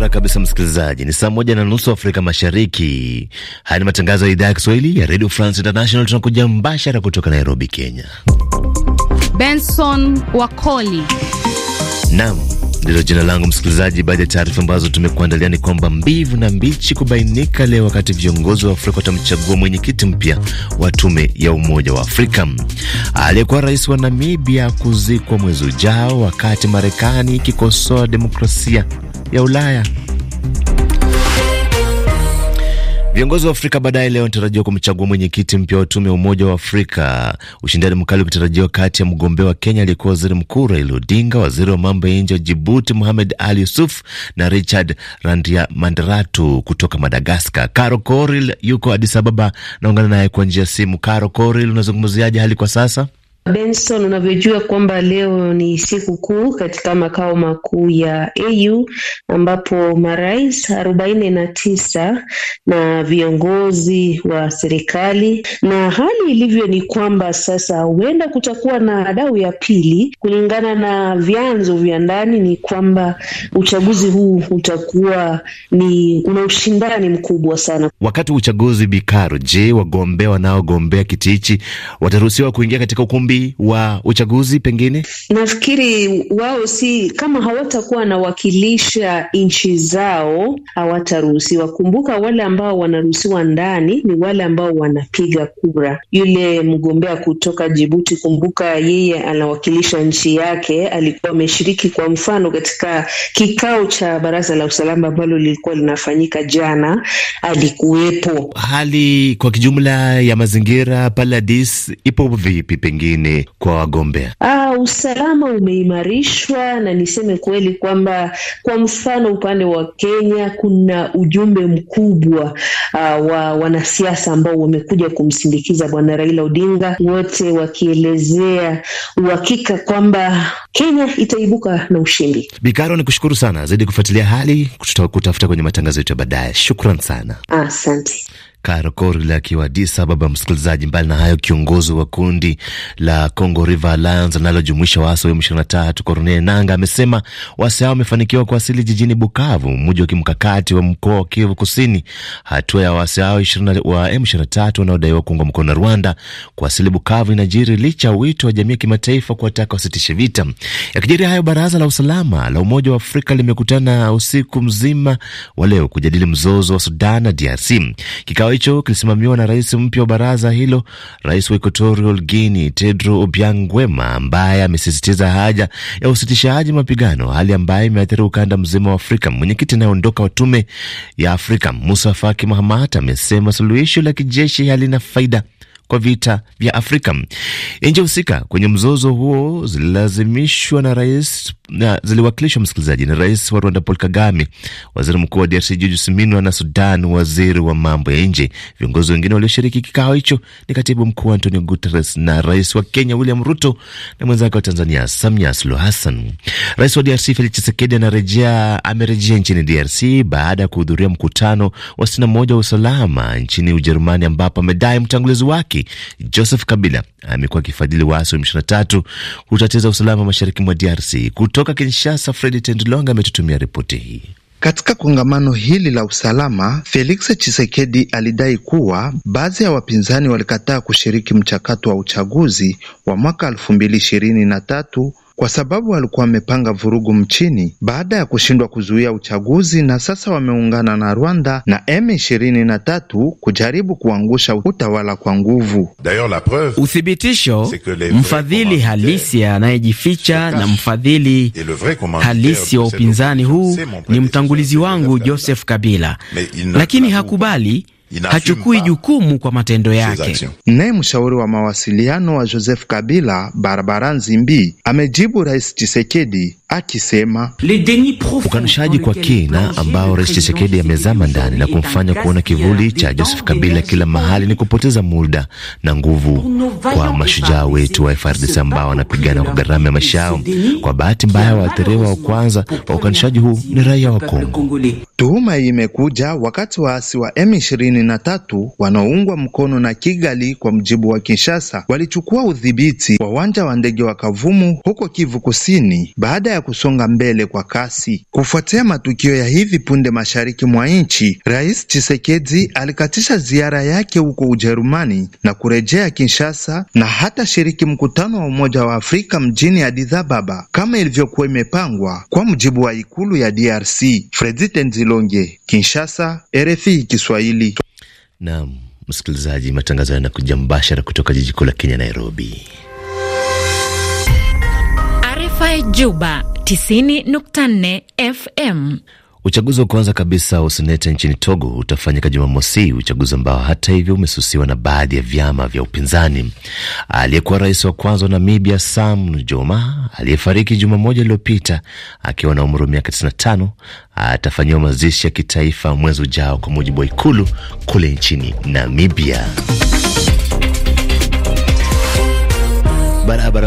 Barabara kabisa, msikilizaji, ni saa moja na nusu Afrika Mashariki. Haya ni matangazo ya idhaa ya Kiswahili ya Radio France International, tunakuja mbashara kutoka Nairobi, Kenya. Benson Wakoli nam ndilo jina langu msikilizaji. Baadhi ya taarifa ambazo tumekuandalia ni kwamba mbivu na mbichi kubainika leo wakati viongozi wa Afrika watamchagua mwenyekiti mpya wa tume ya Umoja wa Afrika. Aliyekuwa rais wa Namibia kuzikwa mwezi ujao, wakati Marekani ikikosoa demokrasia ya Ulaya. Viongozi wa Afrika baadaye leo wanatarajiwa kumchagua mwenyekiti mpya wa tume ya Umoja wa Afrika, ushindani mkali ukitarajiwa kati ya mgombea wa Kenya aliyekuwa waziri mkuu Raila Odinga, waziri wa mambo ya nje wa Jibuti Mohamed Ali Yusuf na Richard mandratu kutoka Madagaskar. Caro Coril yuko Adis Ababa, naungana naye kwa njia ya simu. Caro Koril, unazungumziaje hali kwa sasa? Benson, unavyojua kwamba leo ni siku kuu katika makao makuu ya AU ambapo marais arobaini na tisa na viongozi wa serikali, na hali ilivyo ni kwamba sasa huenda kutakuwa na dau ya pili. Kulingana na vyanzo vya ndani, ni kwamba uchaguzi huu utakuwa ni una ushindani mkubwa sana. Wakati wa uchaguzi bikaro, je, wagombea wanaogombea kiti hichi wataruhusiwa kuingia katika ukumbi ukumbi wa uchaguzi? Pengine nafikiri wao si kama hawatakuwa wanawakilisha nchi zao, hawataruhusiwa. Kumbuka wale ambao wanaruhusiwa ndani ni wale ambao wanapiga kura. Yule mgombea kutoka Jibuti, kumbuka yeye anawakilisha nchi yake, alikuwa ameshiriki kwa mfano katika kikao cha baraza la usalama ambalo lilikuwa linafanyika jana, alikuwepo. Hali kwa kijumla ya mazingira Paladis ipo vipi? Pengine nini kwa wagombea? Aa, ah, usalama umeimarishwa na niseme kweli kwamba kwa mfano upande wa Kenya kuna ujumbe mkubwa aa, ah, wa wanasiasa ambao wamekuja kumsindikiza Bwana Raila Odinga, wote wakielezea uhakika kwamba Kenya itaibuka na ushindi. Bikaro, ni kushukuru sana zaidi kufuatilia hali, kutafuta kwenye matangazo yetu ya baadaye. Shukran sana, asante. Karokorla akiwa Addis Ababa. Msikilizaji, mbali na hayo, kiongozi wa kundi la Congo River Alliance analojumuisha waasi wa M23 Corneille Nanga amesema waasi hao wamefanikiwa kuwasili jijini Bukavu, mji wa kimkakati wa mkoa wa Kivu Kusini. Hatua ya waasi hao wa M23 wanaodaiwa kuunga mkono na Rwanda kuwasili Bukavu inajiri licha wito wa jamii ya kimataifa kuwataka wasitishe vita. Yakijiri hayo, baraza la usalama la Umoja wa Afrika limekutana usiku mzima wa leo kujadili mzozo wa Sudan na DRC. Kikao Kikao hicho kilisimamiwa na rais mpya wa baraza hilo, rais wa Equatorial Guinea Tedro Obiang Nguema, ambaye amesisitiza haja ya usitishaji mapigano, hali ambayo imeathiri ukanda mzima wa Afrika. Mwenyekiti anayeondoka wa tume ya Afrika Musa Faki Mahamat amesema suluhisho la kijeshi halina faida kwa vita vya Afrika. Nchi husika kwenye mzozo huo zililazimishwa na rais na ziliwakilishwa msikilizaji, ni rais wa Rwanda Paul Kagame, waziri mkuu wa DRC Julius Minwa na Sudan waziri wa mambo ya nje. Viongozi wengine walioshiriki kikao hicho ni katibu mkuu Antonio Guterres na rais wa Kenya William Ruto na mwenzake wa Tanzania Samia Suluhu Hassan. Rais wa DRC Felix Tshisekedi anarejea amerejea nchini DRC baada ya kuhudhuria mkutano wa sitini na moja wa usalama nchini Ujerumani, ambapo amedai mtangulizi wake Joseph Kabila amekuwa akifadhili waasi wa M23 kutatiza usalama mashariki mwa DRC. Kuto kutoka Kinshasa, Fredi Tendlong ametutumia ripoti hii. Katika kongamano hili la usalama, Felix Chisekedi alidai kuwa baadhi ya wapinzani walikataa kushiriki mchakato wa uchaguzi wa mwaka elfu mbili ishirini na tatu kwa sababu walikuwa wamepanga vurugu mchini baada ya kushindwa kuzuia uchaguzi na sasa wameungana na Rwanda na M23 kujaribu kuangusha utawala kwa nguvu. Uthibitisho, mfadhili halisi anayejificha na mfadhili halisi wa upinzani huu ni mtangulizi wangu Joseph Kabila, lakini hakubali hachukui jukumu kwa matendo yake. Naye mshauri wa mawasiliano wa Joseph Kabila Barabara Nzimbi amejibu Rais chisekedi akisema ukanushaji kwa kina ambao Rais chisekedi amezama ndani na kumfanya kuona kivuli cha Joseph Kabila kila mahali ni kupoteza muda na nguvu kwa mashujaa wetu wa frdc ambao wanapigana kwa gharama ya maisha yao. Kwa bahati mbaya, waathiriwa wa kwanza wa ukanushaji huu ni raia wa Kongo. Tuhuma hii imekuja wakati waasi wa M ishirini ishirini na tatu wanaoungwa mkono na Kigali kwa mjibu wa Kinshasa walichukua udhibiti wa uwanja wa ndege wa Kavumu huko Kivu Kusini baada ya kusonga mbele kwa kasi. Kufuatia matukio ya hivi punde mashariki mwa nchi, Rais chisekedi alikatisha ziara yake huko Ujerumani na kurejea Kinshasa na hata shiriki mkutano wa Umoja wa Afrika mjini Addis Ababa kama ilivyokuwa imepangwa kwa mujibu wa ikulu ya DRC. Fredi Tenzilonge, Kinshasa, RFI Kiswahili. Naam, msikilizaji, matangazo yanakuja mbashara kutoka jiji kuu la Kenya, Nairobi. RFI Juba 90.4 FM. Uchaguzi wa kwanza kabisa wa seneta nchini Togo utafanyika Jumamosi, uchaguzi ambao hata hivyo umesusiwa na baadhi ya vyama vya upinzani. Aliyekuwa rais wa kwanza wa Namibia Sam Nujoma aliyefariki juma moja iliyopita akiwa na umri wa miaka 95 atafanyiwa mazishi ya kitaifa mwezi ujao, kwa mujibu wa ikulu kule nchini Namibia. Barabara.